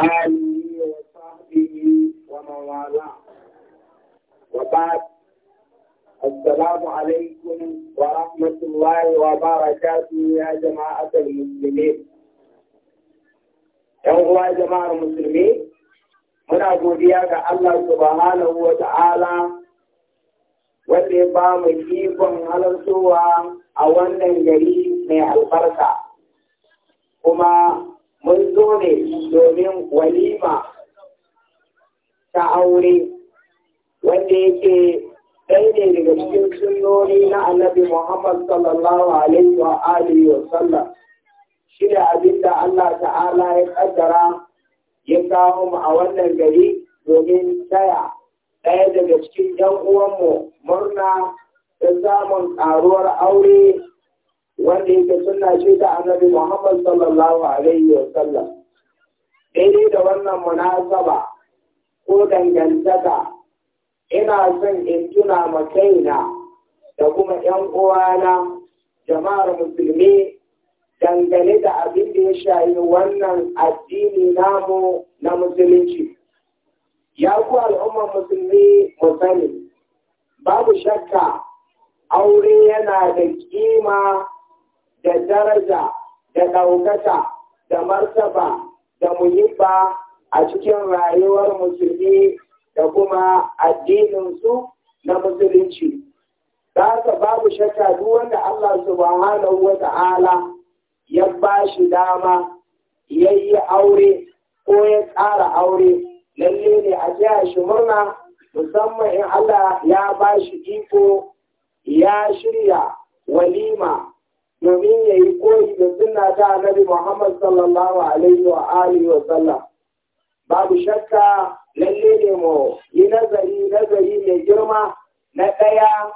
آله وصحبه ومن والاه وبعد السلام عليكم ورحمة الله وبركاته يا جماعة المسلمين ‘Yan uwa jama'ar musulmi, muna godiya ga Allah subhanahu wa ta'ala wanda ya ba mu ikon halartowa a wannan gari mai albarka, kuma mun zo ne domin walima ta aure wanda yake ɗaya ne daga cikin sunnoni na annabi Muhammad sallallahu alaihi wa alihi wa sallam shi da abin da Allah ta'ala ya kaddara ya kawo mu a wannan gari domin taya ɗaya daga cikin ‘yan uwanmu murna da samun ƙaruwar aure wanda yake suna shi ta annabi Muhammad sallallahu alaihi wa sallam. Daidai da wannan munasaba ko dangantaka ina son in tuna ma kaina da kuma ‘yan uwana jama'ar musulmi dangane da abin da ya shayi wannan addini namu na musulunci. Ya ku al'ummar musulmi mu sani, babu shakka aure yana da kima da daraja da ɗaukaka da martaba da muhibba a cikin rayuwar musulmi da kuma addininsu na musulunci. Da babu shakka duk wanda Allah subhanahu wa ta'ala ya ba shi dama ya yi aure ko ya tsara aure lalle ne a jiya shi murna musamman in Allah ya ba shi iko ya shirya walima domin ya yi koyi da suna ta annabi Muhammad sallallahu alaihi wa alihi wa sallam. Babu shakka lalle ne mu yi nazari nazari mai girma na ɗaya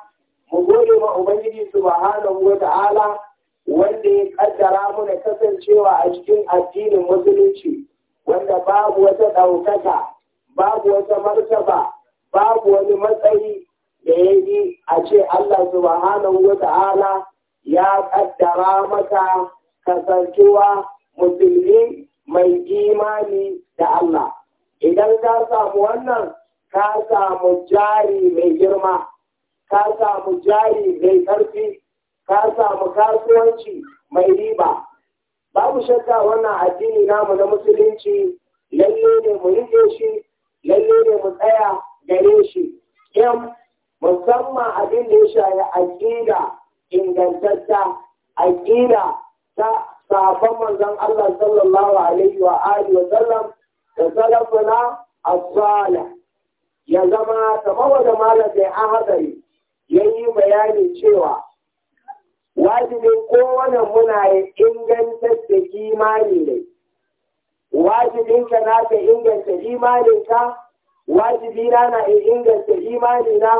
mu gode ma Ubangiji subhanahu wa ta'ala wanda ya kaddara mu da kasancewa a cikin addinin musulunci wanda babu wata ɗaukaka babu wata martaba babu wani matsayi da ya yi a ce Allah subhanahu wa ta'ala ya kaddara maka kasancewa musulmi mai imani da Allah. Idan ka samu wannan, ka samu jari mai girma, ka samu jari mai ƙarfi, ka samu kasuwanci mai riba. Babu shakka wannan addini namu na musulunci lalle ne mu rike shi, lalle ne mu tsaya gare shi. Yam, musamman abin da ya shaye aƙida ingantacca kira ta sahabban manzon Allah sallallahu alaihi wa alihi wa sallam da salafuna a tsala ya zama kamar da malamai ya yi bayani cewa wajibin kowane muna ya ingantacce imani ne ka na ka inganta imaninka wajibina na na inganta imanina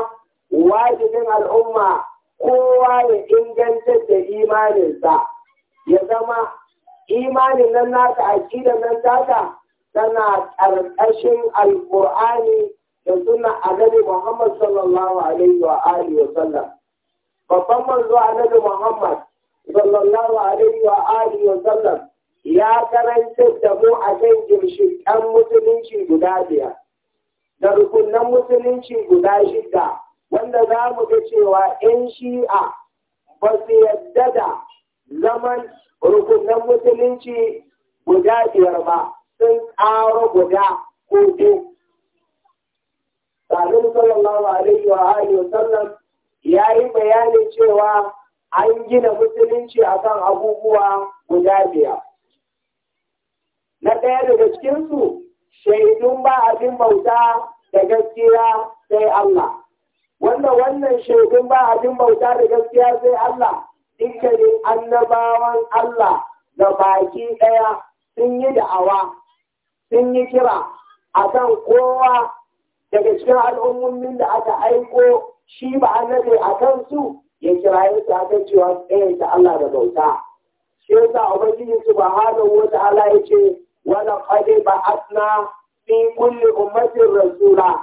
wajibin al'umma kowa ya ingantar da imaninsa ya zama imanin nan naka aƙidar nan taka tana ƙarƙashin alƙur'ani da suna annabi Muhammad sallallahu alaihi wa alihi wa sallam babban manzo annabi Muhammad sallallahu alaihi wa alihi wa sallam ya karanta da mu a kan ginshiƙan musulunci guda biyar da rukunan musulunci guda shida wanda za mu ga cewa 'yan shi'a ba su yadda da zaman rukunan musulunci guda biyar ba sun ƙaro guda ko biyu. Salim sallallahu alaihi wa alihi wa sallam ya yi bayanin cewa an gina musulunci akan abubuwa guda biyar. Na ɗaya daga cikinsu shaidun ba abin bauta da gaskiya sai Allah. wanda wannan shaidun ba abin bauta da gaskiya sai Allah dukkanin annabawan Allah da baki ɗaya sun yi da'awa sun yi kira a kan kowa daga cikin al'ummomin da aka aiko shi ba annabi a kansu ya kira kiraye su akan cewa ta Allah da bauta shi yasa ubangiji subhanahu wa ta'ala yace wa laqad ba'athna fi kulli ummatin rasula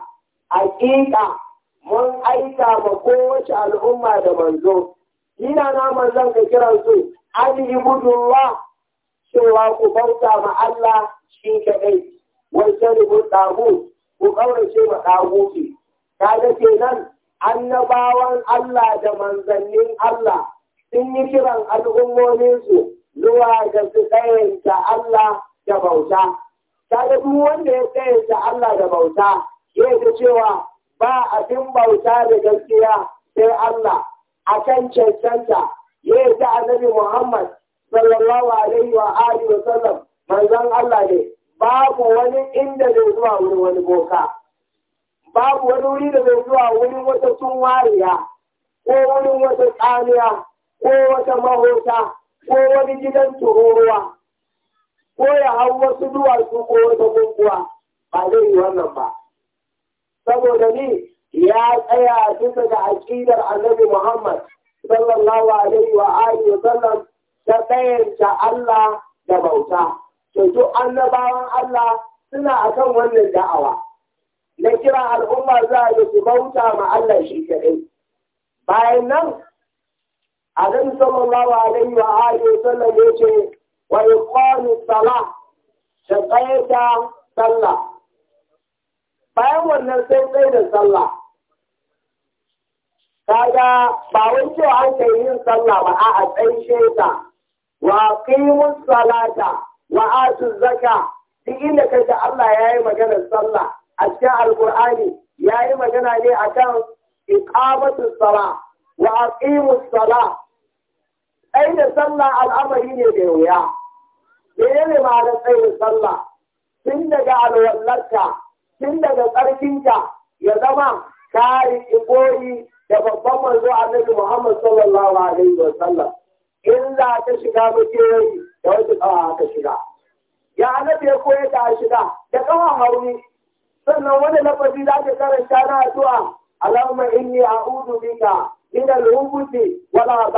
haqiqa mun aika ma kowace al'umma da manzo ina na manzon ka kira su an ibudullah cewa ku bauta ma Allah shi kaɗai wai rubu ɗagu, ku ƙaurace ma Ta da ke nan, annabawan Allah da manzannin Allah sun yi kiran al'ummominsu zuwa ga su tsayanta Allah da bauta. Ta da duk wanda ya tsayanta Allah da bauta, ya ta cewa ba a abin bauta da gaskiya sai Allah a kan cancanta ya yi ta annabi Muhammad sallallahu alaihi wa alihi wa sallam manzon Allah ne babu wani inda zai zuwa wurin wani boka babu wani wuri da zai zuwa wurin wata tunwariya ko wurin wata tsaniya ko wata mahota ko wani gidan tururuwa ko ya hau wasu duwatsu ko wata gunguwa ba zai yi wannan ba saboda ni ya tsaya bisa da aƙidar annabi Muhammad sallallahu alaihi wa alihi wa sallam ta tsayanta Allah da bauta to to annabawan Allah suna akan wannan da'awa na kira al'umma za a su bauta ma Allah shi kadai bayan nan annabi sallallahu alaihi wa alihi wa sallam ya ce wa yuqalu ta sallah bayan wannan sai kai da sallah kaga ba wai cewa an kai yin sallah ba a'a tsaishe ta wa qimus salata wa atu zakka duk inda da Allah yayi maganar sallah a cikin alqur'ani yayi magana ne akan iqamatu sala wa aqimus sala ai da sallah al'amari ne da wuya menene da tsayin sallah tun daga alwallarka tun daga tsarkinka ya zama kari riƙi da babban manzo annabi Muhammad sallallahu alaihi wa sallam in za ka shiga makewayi da wasu ƙawa ka shiga ya annabi ya koya ta shiga da ƙawa haruni sannan wani lafazi za ka karanta na addu'a yi inni a'udhu bika min al-hubuthi wal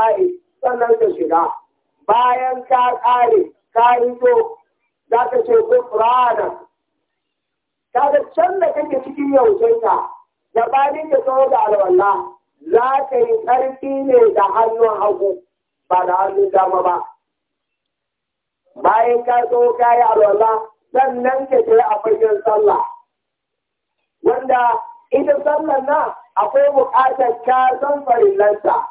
sannan ka shiga bayan ka ƙare ka rito. za ka ce gufrana kaga can da kake cikin yaushenka gabanin da tsoro da alwala za ka yi ƙarfi ne da hannun hagu ba da hannun dama ba bayan ka tsawo ka yi alwala sannan ka je a fagen sallah wanda ita sallar na akwai buƙatar ka san farillanta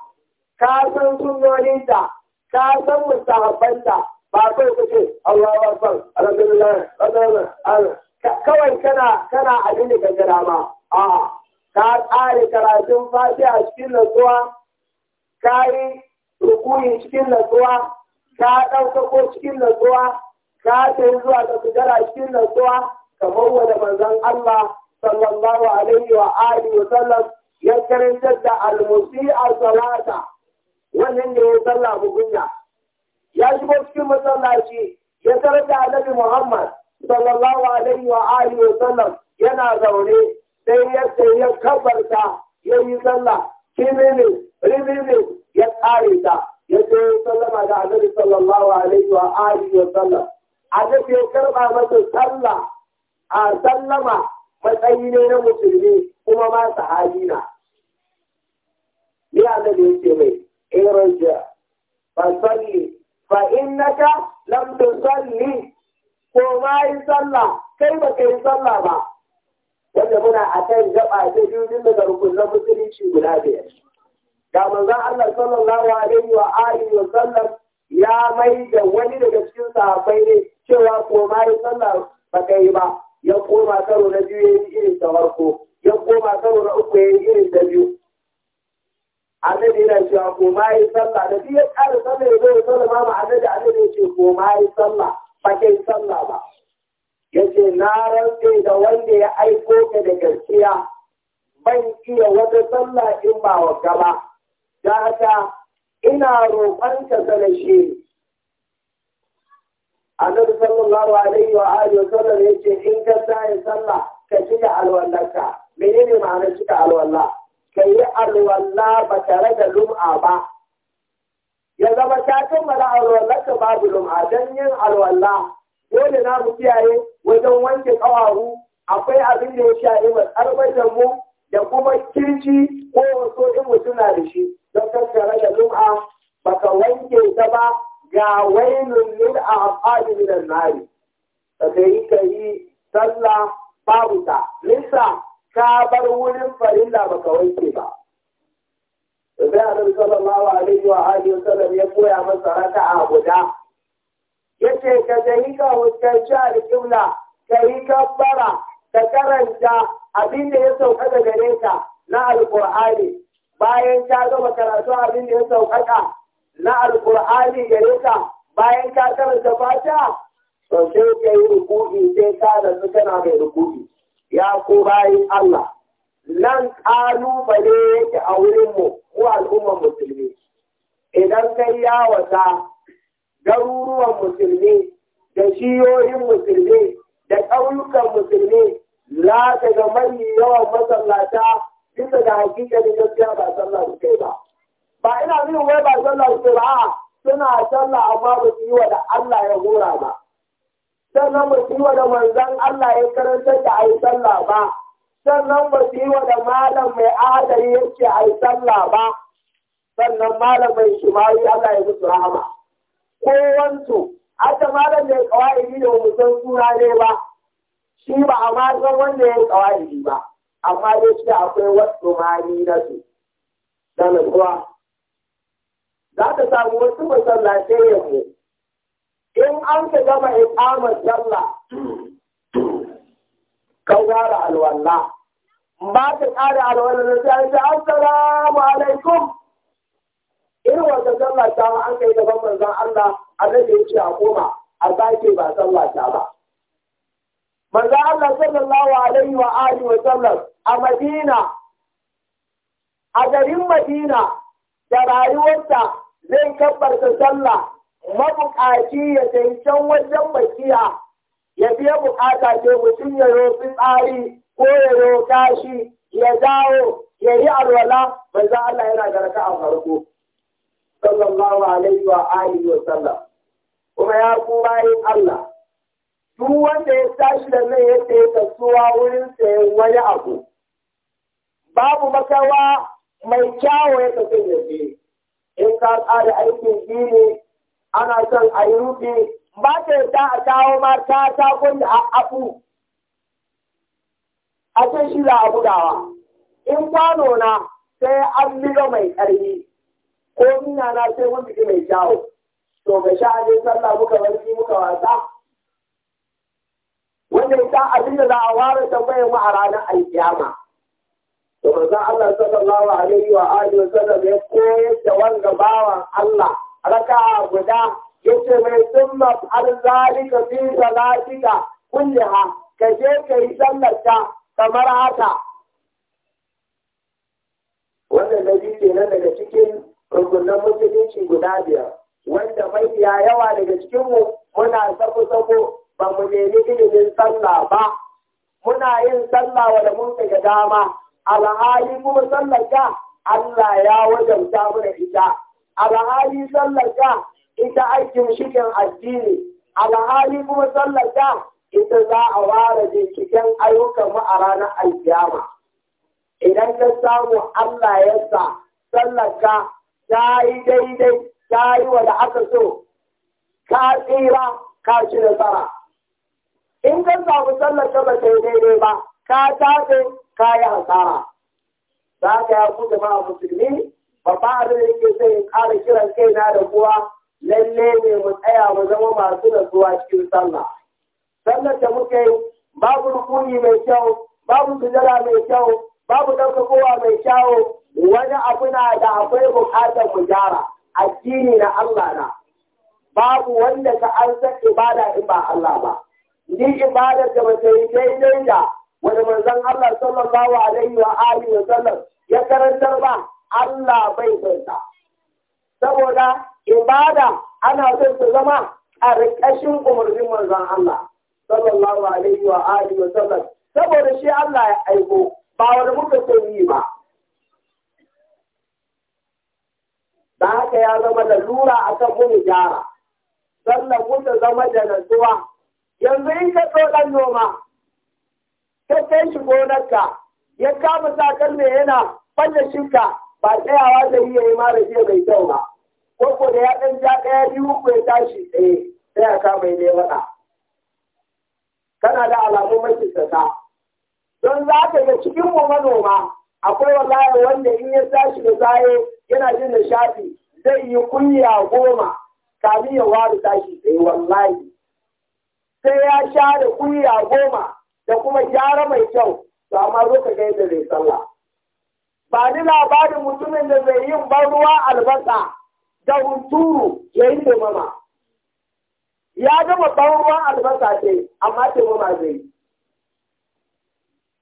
ka san sunnoninta ka san mustahabbanta ba kai kace Allahu akbar alhamdulillah alhamdulillah kawai kana kana abin da ka jira ma a'a ka tsare karatun a cikin natsuwa ka yi rukuyi cikin natsuwa ka ɗaukako cikin natsuwa ka ta zuwa ga cikin natsuwa kamar wanda manzon Allah sallallahu alaihi wa alihi wa sallam ya karanta da almusi'a salata wannan da ya sallah mugunya ya shigo cikin masallaci ya karanta annabi Muhammad sallallahu alaihi wa alihi wa sallam yana zaune sai yadda ya kabarta ya yi sallah kimini rimini ya tsare ta ya ce ya sallama da annabi sallallahu alaihi wa alihi wa sallam annabi ya karba masa sallah a sallama matsayi ne na musulmi kuma ma sahabi na ya da ya ce mai irja eh, fa salli fa innaka lam tusalli ko ma yi sallah kai ba ka yi sallah ba wanda muna a kan gaba ta biyu daga rukunan musulunci guda biyar ga manzon Allah sallallahu alaihi wa alihi wa sallam ya mai da wani daga cikin sahabbai ne cewa ko ma yi sallah ba ka yi ba ya koma karo na biyu ya yi irin ta farko ya koma karo na uku ya yi irin ta biyu annabi yana cewa ko ma yi sallah da biyu ya ƙara sallah ya zo ya sallama ma annabi annabi ya ce ko ma yi sallah fakin sallah ba ya ce na rantse da wanda ya aiko ka da gaskiya ban iya wata sallah in ba wa gaba da haka ina roƙon ka sanashe nan sallallahu alaihi wa alihi wa sallam ya ce in ka sai sallah ka cika alwallarka menene ma'anar cika alwallah ka yi alwalla ba tare da lum'a ba ya zama ta kammala alwallah ta babu lum'a don yin alwalla dole na mu kiyaye wajen wanke ƙawaru akwai abin da ya shafi matsarbatan mu da kuma kirji ko wasu in mutum na da shi don tattara da lum'a baka wanke ta ba ga wailun lil a'qabi min an-nari ka yi, sallah babu ta lissa ka bar wurin farilla baka wanke ba sai annabi sallallahu alaihi wa alihi wasallam ya koya masa a guda yace ka dai ka hukunci al ka yi kabbara ka karanta abin da ya sauka da gare ka na Alƙur'ani bayan ka gama karatu abin da ya sauƙaƙa na Alƙur'ani gare ka bayan ka karanta fata to sai kai sai ka da kana mai ruku'i ya ko bayan Allah nan ƙalubale yake a wurinmu ko al'ummar musulmi idan kai ya wata, garuruwan musulmi da shiyoyin musulmi da ƙauyukan musulmi za ka ga mai yawan masallata bisa da hakikar gaskiya ba sallah su kai ba ba ina nuna wai ba sallah su ba suna sallah amma ba su yi wa da Allah ya hura ba sannan ba su yi wa da manzan Allah ya karanta da a yi sallah ba sannan ba su yi wa da malam mai adari yake a yi sallah ba sannan malam mai shimari Allah ya musu rahama ko wanto aka malam mai kawai da mu san suna ne ba shi ba a matan wanda ya yi kawai ba amma dai shi akwai wasu mani na su da nutsuwa za ta samu wasu masallatai yanzu in an ka gama ikamar sallah kai gyara alwala ba ta ƙara alwala da ta ce assalamu alaikum irin wata sallah ta ma an kai gaban manzon Allah annabi ya ce a koma a sake ba sallah ta ba manzon Allah sallallahu alaihi wa alihi wa sallam a Madina a garin Madina da rayuwarsa zai kabbarta sallah mabukaci ya can wajen bakiya ya biya bukata ce mutum ya roƙi tsari ko ya roƙa shi ya dawo ya yi alwala manzo Allah yana da raka a farko sallallahu alaihi wa alihi wa sallam kuma ya ku bayin Allah duk wanda ya tashi da nan ya tsaye wurin sayan wani abu babu makawa mai kyawo ya kasance in ka tsara aikin gini ana son a yi rufe ba ta yarda a kawo ma ta ta a abu a ce shi za a bugawa in kwano na sai an liga mai ƙarfi ko mina na sai wani biki mai kyawu to ga sha jin sallah muka warki muka wasa wanda ya abin da za a ware tambayar mu a ranar alkiyama to za Allah sallallahu alaihi wa alihi wa sallam ya koyar da wanda bawan Allah raka'a guda yace mai summa alzalika fi salatika kulliha ka je ka yi sallar ta kamar haka na kenan daga cikin rukunan musulunci guda biyar wanda ya yawa daga cikinmu muna sako-sako ba mu nemi ilimin sallah ba muna yin sallah wanda mun ga dama alhali kuma sallar Allah ya wajauta mana ita alhali sallar ka ita aikin shirin addini alhali kuma sallar ka ita za a ware binciken ayyukan mu a ranar alkiyama idan ka samu Allah ya sa sallar ka ta yi daidai ta wa da aka so ka tsira ka ci nasara in ka samu sallar ka ba ta yi daidai ba ka tafe ka yi hasara za ka yi ku jama'a musulmi Baba abin da yake so ya ƙara kiran kaina da kuwa lalle ne mu tsaya mu zama masu nasuwa cikin sallah sallar da muke babu rukuni mai kyau babu sujada mai kyau babu kowa mai kyau wani abu na da akwai buƙatar mu gyara addini na Allah na babu wanda ka an san ibada in ba Allah ba ni ibada da ta yi daidai da wani manzon Allah sallallahu alaihi wa alihi wa sallam ya karantar ba Allah bai bauta. Saboda ibada ana son su zama ƙarƙashin umarnin manzon Allah sallallahu alaihi wa Ali wa sallam saboda shi Allah ya aiko ba wani muka son yi ba. Da haka ya zama da lura a kan mu gyara. Sannan muka zama da nasuwa. Yanzu in ka so ɗan noma, ka kai shi gonarka, ya kama takalma yana falla shinka ba tsayawa da yi yi mara jiya mai kyau ba ko ko da ya ɗan ja ɗaya biyu ko ya tashi tsaye sai a kama yi mai faɗa kana da alamun makisata don za ka ga cikin mu manoma akwai wallahi wanda in ya tashi da tsaye yana jin da shafi, zai yi kunya goma kafin ya ware tashi tsaye wallahi sai ya sha da kunya goma da kuma gyara mai kyau to amma zo ka ga yadda zai sallah ba ni labarin mutumin da zai yin barruwa albasa da hunturu ya yi taimama. Ya gama barruwa albasa ce, amma taimama zai yi.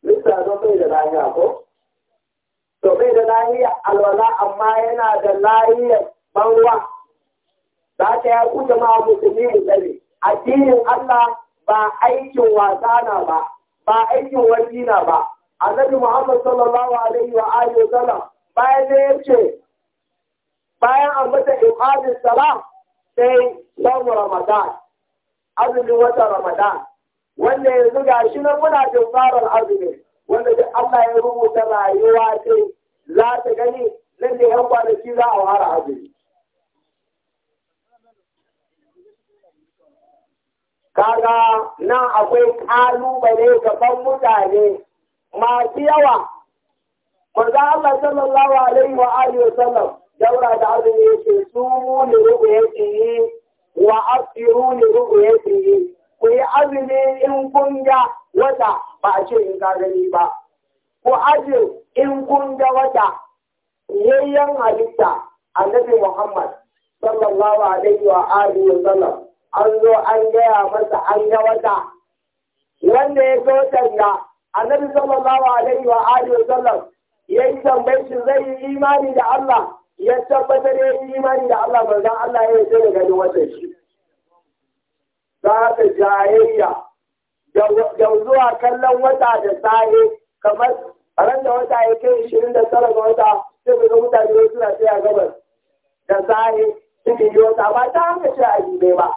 Lissa zo bai da lahiya ko? To bai da lahiya alwala amma yana da lahiyar barruwa. ruwa. Za ta ya ku jama'a musulmi mu tsare. Addinin Allah ba aikin wasa na ba, ba aikin wajina ba, annabi Muhammad sallallahu alaihi wa alihi wa sallam bayan ne yace bayan an mata iqamin salah sai samu Ramadan azumin wata Ramadan wanda yanzu ga shi nan muna da farar azumi wanda duk Allah ya rubuta rayuwa ce za ta gani nan da yan kwanaki za a fara azumi kaga nan akwai kalubale gaban mutane masu yawa kwanza Allah sallallahu alaihi wa alihi wa sallam daura da azumi yake su ne rubu yake wa asiru ne rubu yi, ku yi azumi in kun ga wata ba a ce in ka gani ba ku ajin in kun ga wata yayyan halitta annabi Muhammad sallallahu alaihi wa alihi wa sallam an zo an gaya masa an ga wata wanda ya so tanga annabi sallallahu alaihi wa alihi wa sallam ya yi tambayi shi zai yi imani da Allah ya tabbatar ya yi imani da Allah manzon Allah ya yi da gani wata shi za ta jayayya da zuwa kallon wata da sahe kamar ran da wata ya kai ishirin da tara ga wata sai ku ga mutane suna tsaya gaban gabas da sahe suke yi wata ba ta haka ce a jibe ba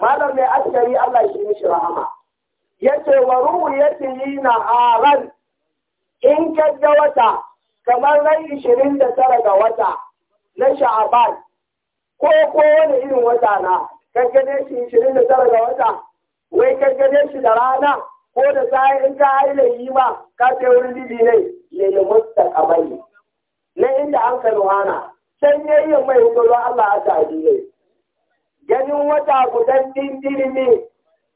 malam mai askari Allah shi ne shi rahama yace wa na haran in kaga wata kamar da 29 ga wata na sha'aban ko ko wani irin wata na kaggade shi 29 ga wata wai kaggade shi da rana ko da sai in ka haila yi ma ka ce wurin bibi ne lele mustaqabali na inda an ka ruhana sai yayin mai hukumar Allah a ta'adi ne ganin wata gudan din ne.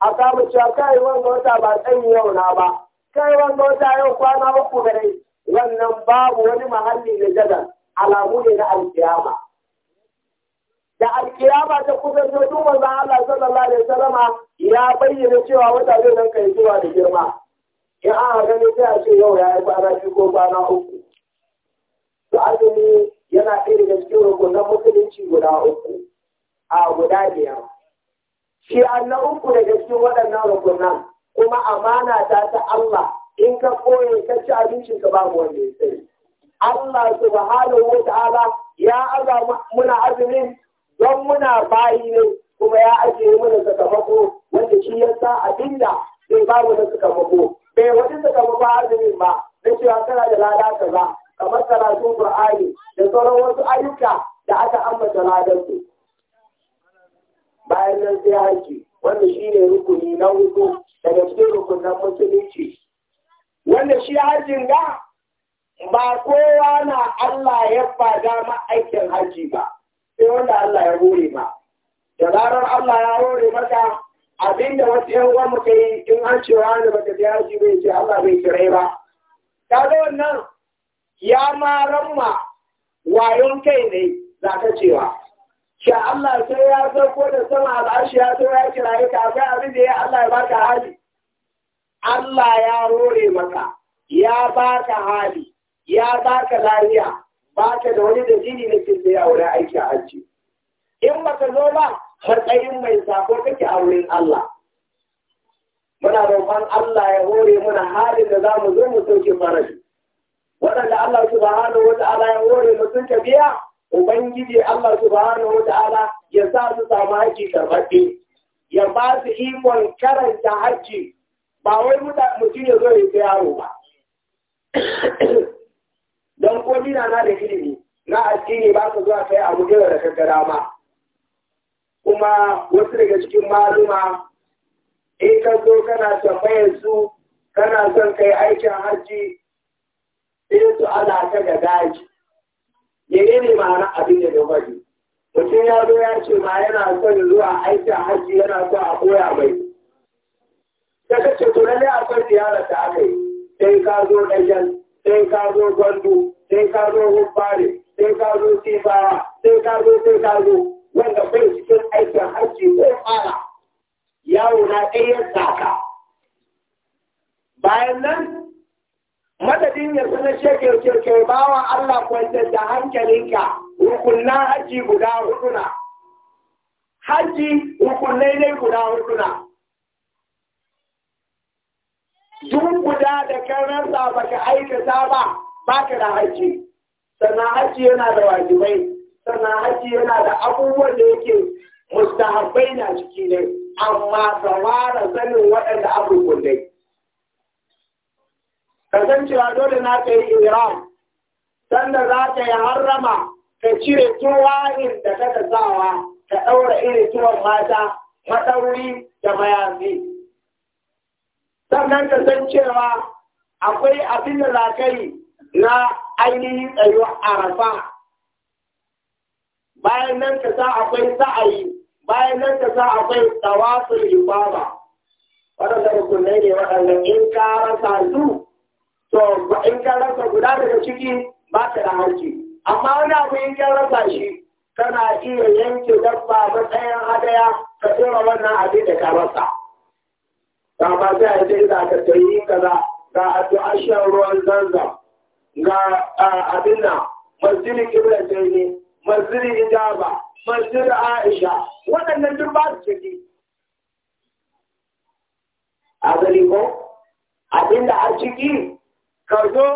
a kama cewa kai wanga wata ba tsanyi yau na ba kai wanga wata yau kwana uku dai, wannan babu wani mahalli da jada alamu ne na alkiyama da alkiyama ta kusa zo duk manzo Allah sallallahu alaihi wasallama ya bayyana cewa wata zai nan kai zuwa da girma in haka ne sai a ce yau ya yi kwana biyu ko kwana uku to azumi yana ɗaya daga cikin rukunan musulunci guda uku a guda biyar shi na uku daga cikin waɗannan rukunan kuma amana ta ta Allah in ka koye ka ci abincin ka babu wanda ya sani Allah subhanahu wa ta'ala ya aza muna azumin don muna bayi ne kuma ya ajiye mana sakamako wanda shi ya sa abinda bai ba mu na sakamako bai wani sakamako azumin ba na cewa kana da lada kaza kamar karatun Qur'ani da sauran wasu ayyuka da aka ambata ladan bayan nan sai haji wanda shi ne rukuni na hudu daga cikin rukunan musulunci wanda shi hajjin ga ba kowa na Allah ya fada ma aikin haji ba sai wanda Allah ya hore ba. da zarar Allah ya hore maka abinda wasu yan uwan muka yi in an ce wani baka je haji bai ce Allah bai kire ba kaga wannan ya ma ramma wayon kai ne za ka cewa Sha Allah sai ya ko da sama arshi ya zo ya kiraye ka akwai abin da ya Allah ya baka hali. Allah ya rore maka, ya baka hali, ya baka lafiya, baka da wani da jini da ke tsaye a wurin aiki a hajji. In baka zo ba, matsayin mai sako kake a wurin Allah. Muna roƙon Allah ya hore muna halin da za mu zo mu sauke farashi. Waɗanda Allah subhanahu wa ta'ala ya hore mu sun biya Ubangiji Allah subhanahu wa ta'ala ya sa su samu haji karɓaɓɓe, ya ba su ikon karanta haji ba wai mutum ya zo ya ta yaro ba. Don ko na da ilimi na addini ba su zuwa kai abu da kankara ma. Kuma wasu daga cikin maluma in ka zo kana tambayar su kana son kai aikin haji sai su ala ta ga daji. Mene ne ma'ana abin da ya faɗi? Mutum ya zo ya ce ma yana son zuwa aikin hajji yana so a koya mai. Ta kace to lalle akwai ziyarar da aka yi. Sai ka zo ɗajen, sai ka zo gwandu, sai ka zo hubbare, sai ka zo tifawa, sai ka zo sai ka zo. Wanda bai cikin aikin hajji ko fara. Yawo na ɗayan saka. Bayan nan madadin ya sanar ba bawa Allah kwantar da hankalinka Hukunan haji guda huduna. Haji rukunai ne guda huduna. Duk guda da karansa baka aikata ba, baka da haji. Sannan haji yana da wajibai, sannan haji yana da abubuwan da yake mustahabbai na ciki ne, amma tsawara sanin waɗanda abubuwan dai. a dole na ka yi ihram sanda za ka yi harrama ka cire tuwa'in da ka sawa ka ɗaura irin tuwon mata matauri da mayafi sannan kasancewa akwai abin da za ka yi na ainihin tsayuwar arafa bayan nan ka sa akwai sa'ayi bayan nan ka sa akwai tawafin ibada wadanda rukunai ne waɗanda in ka rasa su to in ka rasa guda daga ciki ba ka da hanci amma wani abu in ka rasa shi kana iya yanke dabba matsayin hadaya ka tura wannan abin da ka rasa kama sai a ce za ka tayi kaza ga addu'ar ruwan zanzam ga abin nan masjidin kibla ne masjidin ijaba masjidin aisha waɗannan duk ba su ciki a gani ko abin da a ciki karzo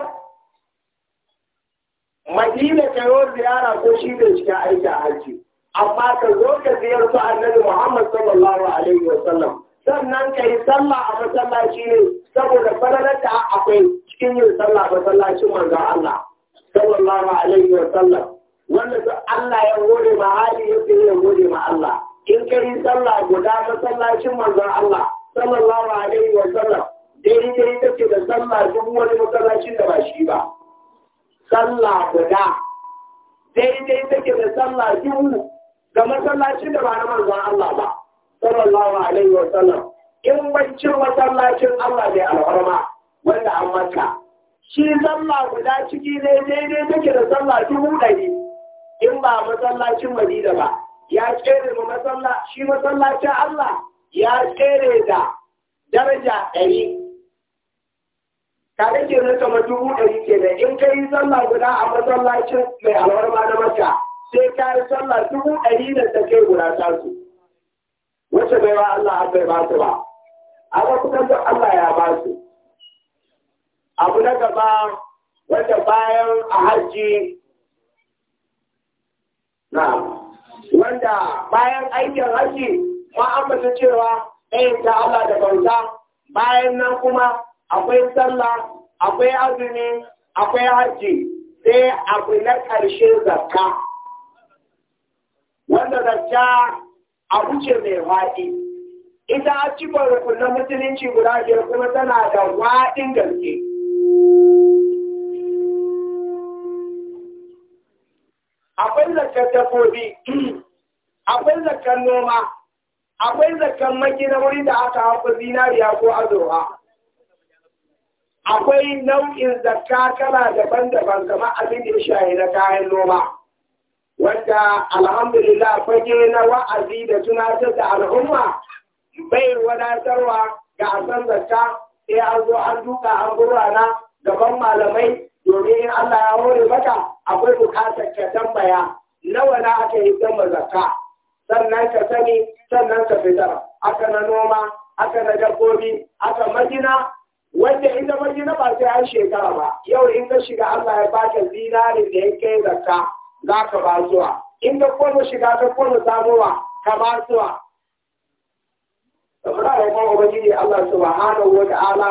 madina ta yi ziyara ko shi bai shiga aiki a hajji amma ka zo ka ziyarci annabi muhammad sallallahu alaihi wa sallam sannan ka yi sallah a masallaci ne saboda fararar da akwai cikin yin sallah a masallacin manzon Allah sallallahu alaihi wa sallam wanda su Allah ya gode ma hali fi ya gode ma Allah in ka yi sallah guda masallacin manzon Allah sallallahu alaihi wa sallam daidai ta ce da sallah duk wani masallacin da ba shi ba sallah guda daidai ta ce da sallah dubu ga masallacin da ba na manzon Allah ba sallallahu alaihi wa sallam in bancin masallacin Allah ne alfarma wanda an maka shi sallah guda ciki ne daidai take da sallah dubu ɗari in ba masallacin Madina ba ya tsere mu masalla shi masallacin Allah ya tsere da daraja ɗari ka ke na kamar dubu ɗari da in ka yi sallah guda a masallacin mai ma na maka sai ka yi sallah dubu ɗari da ta kai guda su. wacce bai wa Allah an bai ba su ba amma kusan da Allah ya ba su abu na gaba wanda bayan a hajji na wanda bayan aikin hajji ma'amata cewa ɗayan ta Allah da bauta bayan nan kuma akwai sallah akwai azumi akwai hajji sai akwai na ƙarshe zakka wanda zakka abu ce mai faɗi ita a cikin rukunan musulunci guda biyar kuma tana da waɗin gaske akwai zakkar dabbobi akwai zakkar noma akwai zakkar makina na wuri da aka hafa zinariya ko azurwa akwai nau'in zakka kala daban-daban kamar abin da shahi na kayan noma wanda alhamdulillah fage na wa'azi da tunatar da al'umma bai wadatarwa ga asan zakka sai an zo an duka an gurana gaban malamai domin in Allah ya hore maka akwai bukatar ka tambaya nawa na aka yi zama zakka sannan ka sani sannan ka fitar aka na noma aka na dabbobi aka majina wanda in zama gina ba sai an shekara ba yau in ka shiga Allah ya baka zinari da ya kai zakka za ka ba zuwa in ka kwana shiga ka kwana samuwa ka ba zuwa saboda ya kuma ubangiji Allah subhanahu wa ala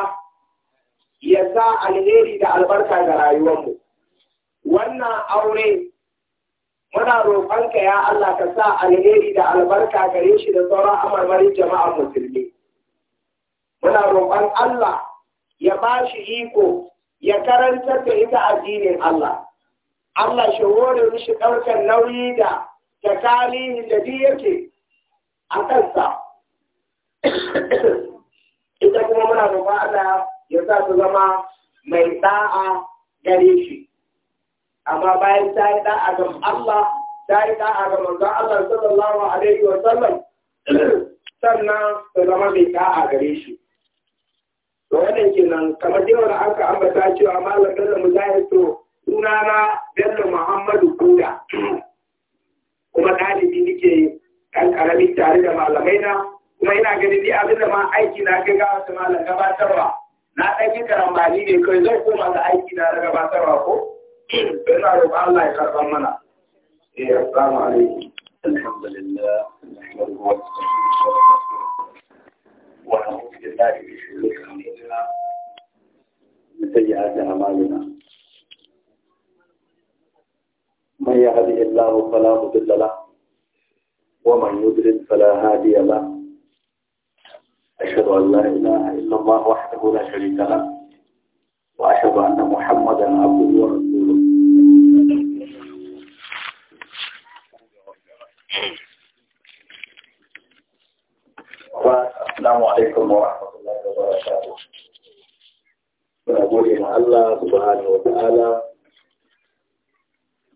ya sa alheri da albarka ga rayuwanmu. wannan aure muna roƙonka ya Allah ka sa alheri da albarka gare shi da sauran amarmarin jama'ar musulmi muna roƙon Allah ya ba shi iko ya karantar da ita addinin Allah Allah shi hore shi ɗaukar nauyi da takalihin da yake a kansa ita kuma muna da Allah ya sa su zama mai da'a gare shi amma bayan ta yi da'a ga Allah ta yi da'a ga manzon Allah sallallahu alaihi wa sallam sannan su zama mai da'a gare shi wannan kenan kamar yawan aka ambata cewa malam bello mujahid to na bello muhammadu kuda kuma dalibi nake kan karami tare da malamai na kuma ina ganin ni abin da ma aiki na ga ga su malam gabatarwa na dan yi karambani ne kai zai koma da aiki na da gabatarwa ko ina roƙon Allah ya karɓar mana eh assalamu alaikum alhamdulillah ونعوذ بالله من يهدي اعمالنا من يهده الله فلا مضل له ومن يضلل فلا هادي له أشهد أن لا إله إلا الله وحده لا شريك له وأشهد أن محمدا عبده ورسوله السلام عليكم ورحمة الله وبركاته muna gode ma Allah subhanahu wa ta'ala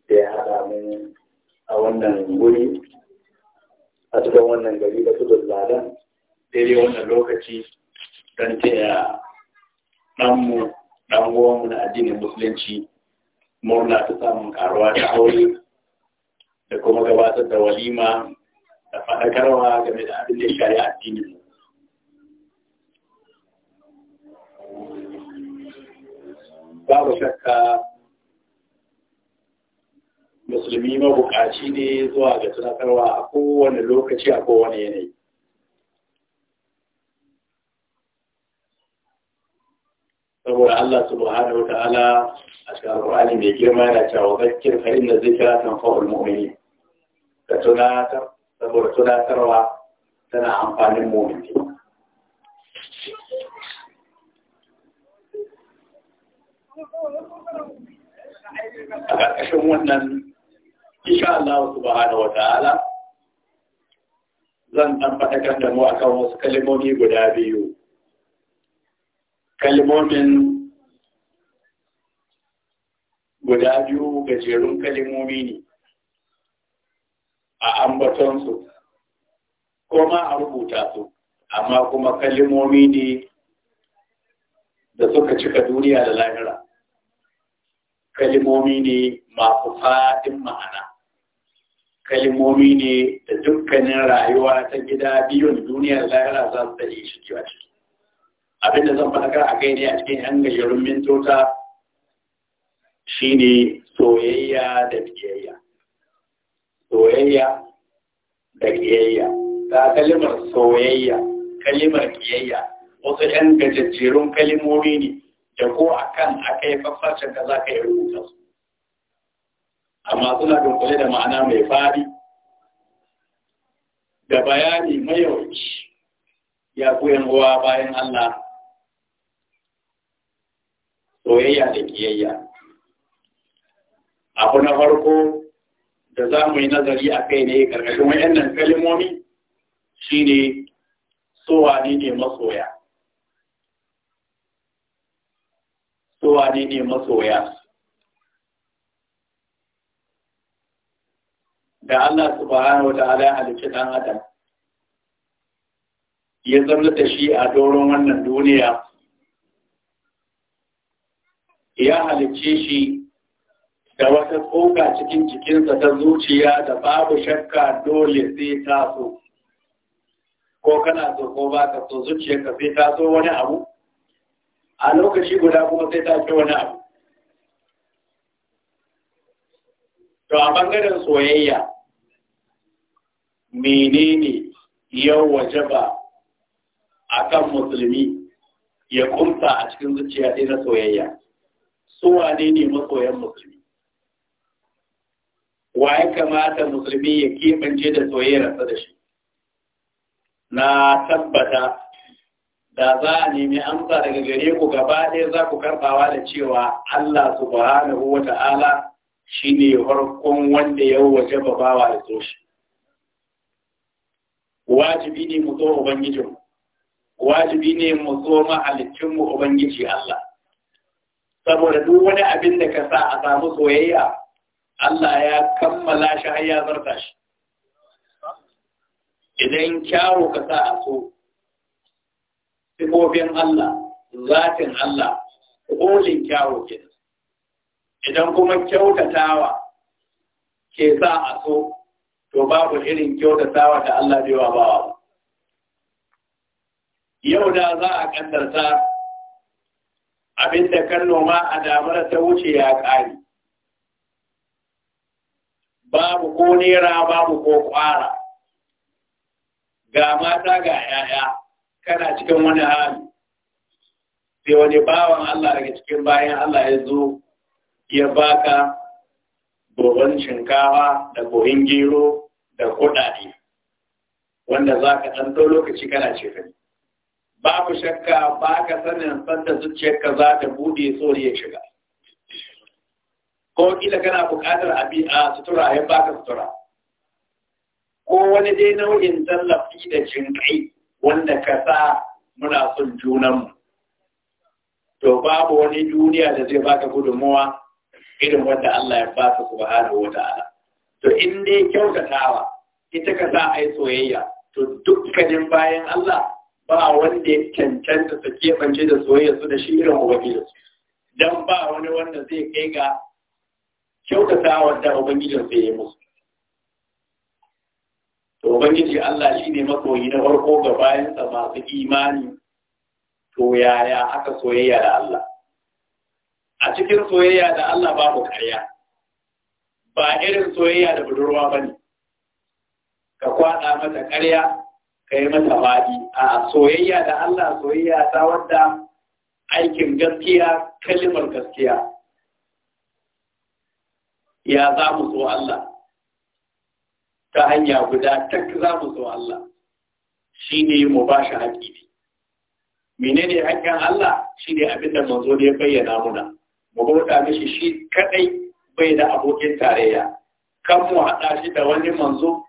da ya hada mu a wannan wuri a wannan gari da tudun ladan daidai wannan lokaci don taya ɗanmu ɗan uwanmu na addinin musulunci murna ta samun karuwa da aure da kuma gabatar da walima da game da abin da ya shari'a addinin babu shakka musulmi mabukaci ne zuwa ga tunatarwa a kowane lokaci a kowane yanayi saboda Allah subhanahu wa ta'ala a cikin alƙur'ani mai girma yana cewa zakkir fa inna zikra tanfa'ul mu'minin ka tunatar saboda tunatarwa tana amfanin mu'mini a ƙarƙashin wannan isha Allah subhanahu wataala zan ɗan faɗaƙar da mu kan wasu kalimomi guda biyu Kalimomin guda biyu gajerun kalimomi ne a ambatonsu ma a rubuta su amma kuma kalimomi ne da suka cika duniya da lahira kalimomi ne masu faɗin ma'ana kalimomi ne da dukkanin rayuwa ta gida biyun duniyar lahira za su shi ciwa ciki abin da zan faɗakar a kai ne a cikin yan gajerun mintota shine soyayya da biyayya soyayya da biyayya ta kalimar soyayya kalimar biyayya wasu yan gajerun kalimomi ne da ko a kan aka yi fafacin ka za ka yi rubuta su amma suna dunkule da ma'ana mai fari da bayani mayawanci ya koyan ruwa bayan Allah soyayya da kiyayya abu na farko da za mu yi nazari a kai ne ƙarƙashin wayannan kalmomi shine sowa ne masoya suwa ne ne masoya da Allah subhanahu wa ta'ala ya halicci ɗan adam ya zama da shi a doron wannan duniya ya halicce shi da wata tsoka cikin jikinsa ta zuciya da babu shakka dole sai taso ko kana so ko ba ka so ka sai taso wani abu a lokaci guda kuma sai ta ce wani abu to a bangaren soyayya menene yau wajaba a kan musulmi ya kumsa a cikin zuciya ɗaya na soyayya su wanene ne masoyan musulmi wa ya kamata musulmi ya keɓance da soyayyarsa da shi na tabbata da za a nemi amsa daga gare ku gaba ɗaya za ku karɓawa da cewa Allah subhanahu wa ta'ala shi ne farkon wanda ya waje babawa da so Wajibi ne mu so Ubangijinmu, wajibi ne mu so mahalicinmu Ubangiji Allah. Saboda duk wani abin da ka sa a samu soyayya, Allah ya kammala shi har ya zarta shi. Idan kyawo ka sa a so, sifofin Allah zafin Allah kolin kyawo ke idan kuma kyautatawa ke sa a so to babu irin kyautatawa da Allah bai wa bawa yau da za a kaddarta abinda kan noma a damar ta wuce ya ƙari babu ko nera babu ko kwara ga mata ga 'ya'ya kana cikin wani hali sai wani bawan Allah daga cikin bayan Allah ya zo ya baka buhun shinkawa da buhun gero da kuɗaɗe wanda za ka ɗan lokaci kana Ba ku shakka ba ka sanin sanda zuciyarka za ta buɗe tsori ya shiga ko kila kana buƙatar abi a sutura ya baka sutura ko wani dai nau'in tallafi da jinƙai wanda ka sa muna son junanmu to babu wani duniya da zai baka gudunmuwa irin wanda Allah ya baka subhanahu ta'ala. to in dai kyautatawa ita ka sa ai soyayya to dukkanin bayan Allah ba wanda ya cancanta su keɓance da soyayya su da shi irin su, don ba wani wanda zai kai ga kyautatawa da su ya yi musu to ubangiji Allah shi ne makoyi na farko ga bayansa masu imani to yaya aka soyayya da Allah a cikin soyayya da Allah babu karya ba irin soyayya da budurwa ba ne ka kwaɗa mata karya ka yi mata faɗi a soyayya da Allah soyayya ta wadda aikin gaskiya kalimar gaskiya ya za mu so Allah ta hanya guda tak za mu zo Allah shi ne mu ba shi haƙi ne menene haƙƙin Allah shi ne abin da manzo ne bayyana muna mu bauta mishi shi kaɗai bai da abokin tarayya kan mu haɗa shi da wani manzo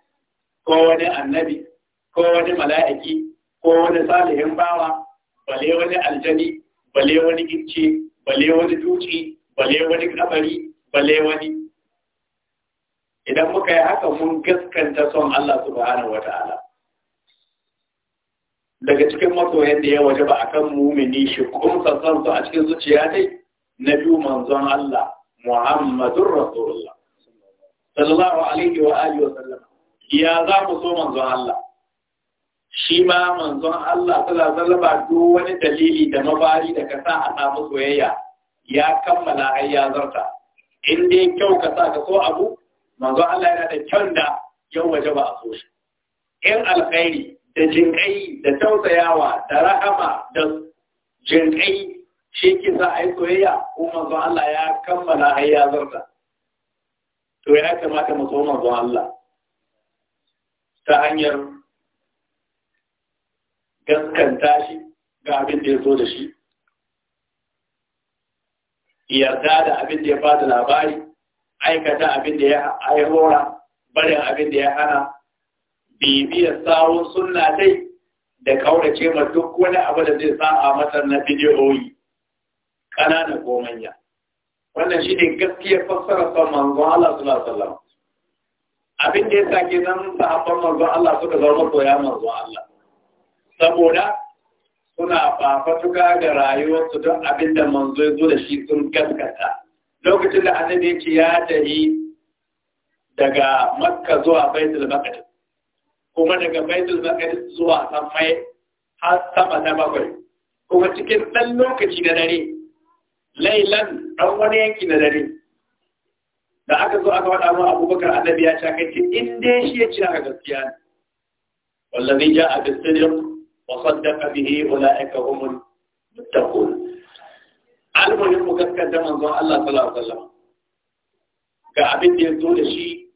ko wani annabi ko wani mala'iki ko wani salihin bawa bale wani aljani bale wani gicce bale wani duci bale wani kabari bale wani idan muka yi haka mun gaskanta son Allah subhanahu wata'ala daga cikin masoyan da ya waje ba akan mumini shi kumsa son su a cikin zuciya dai na biyu manzon Allah Muhammadur Rasulullah sallallahu alaihi wa alihi wa sallam ya za mu so manzon Allah shi ma manzon Allah sallallahu alaihi wa duk wani dalili da mabari da ka sa a samu soyayya ya kammala har ya zarta in dai kyau ka sa ka so abu manzo Allah yana da kyau da yau waje ba a so shi in alkhairi da jinkai da tausayawa da rahama da jinkai shi ke sa a yi soyayya ko manzo Allah ya kammala hayya ya zarta to ya kamata mu so manzo Allah ta hanyar gaskanta shi ga abin da ya zo da shi yarda da abin da ya bada labari aikata abin da ya aihora barin abin da ya hana bibiyar sawun sunna dai da kaurace ma duk wani abu da zai sa'a masa na bidiyoyi ƙanana ko gomanya. wannan shi ne gaskiya fassara son manzo Allah sallallahu alaihi abin da ya sake ke nan sahabban manzo Allah suka zama koya manzo Allah saboda suna fafatuka ga rayuwarsu don abin da manzo ya zo da shi sun gaskata lokacin da annabi ya ce ya tari daga makka zuwa baitul maqdis kuma daga baitul maqdis zuwa mai har sama na bakwai kuma cikin ɗan lokaci na dare lailan ɗan wani yanki na dare da aka zo aka faɗa mu abubakar annabi ya shaka ce in dai shi ya ci aka gaskiya ne wallazi ja'a bis wa saddaqa bihi ulaika humul muttaqun almuhim mu gaskanta manzon Allah sallallahu alaihi wasallam ga abin da ya zo da shi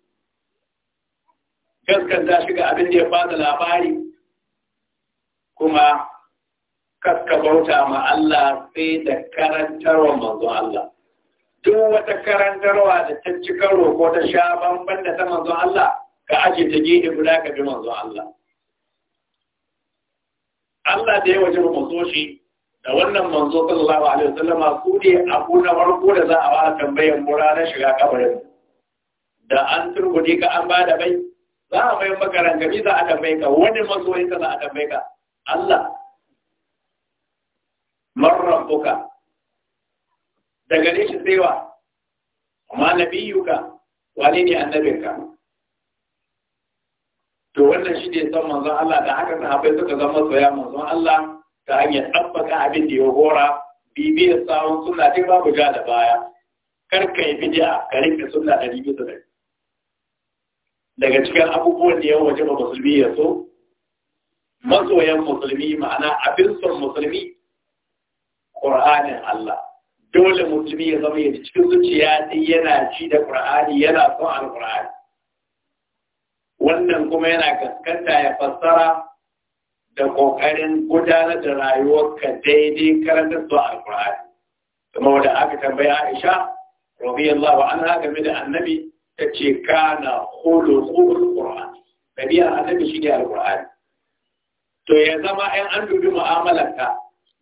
gaskanta shi ga abin da ya bada labari kuma kaska bauta ma Allah sai da karantarwa manzon Allah duk wata karantarwa da ta ci karo ko ta sha bamban da ta manzon Allah ka aje ta gehe guda ka bi manzon Allah Allah da ya wajen mazo shi da wannan manzo sallallahu alaihi wasallam ku ne a kuna farko da za a ba tambayar mura na shiga kabarin da an turbude ka an ba da bai za a mai makaran rangami za a tambaye ka wani masoyin ka za a tambaye ka Allah man buka daga ne shi tsewa amma nabiyuka wani ne annabinka to wannan shi ne son manzon Allah da haka sahabbai suka zama soyayya manzon Allah ta hanyar ɗabbaka abin da ya hora bibiyar tsawon suna dai babu ja da baya kar ka yi bidiya ka rike suna da bibi daga cikin abubuwan da ya waje ba musulmi ya so masoyan musulmi ma'ana abin son musulmi ƙur'anin Allah dole musulmi ya zama ya ji cikin zuciya yana ci da ƙur'ani yana son alƙur'ani wannan kuma yana gaskanta ya fassara da ƙoƙarin gudanar da rayuwarka daidai karantar zuwa alƙur'ani kuma da aka tambaya aisha radiyallahu anha game da annabi ta ce kana khuluqul qur'an tabiya annabi shi ne alƙur'ani to ya zama 'yan an dubi mu'amalarka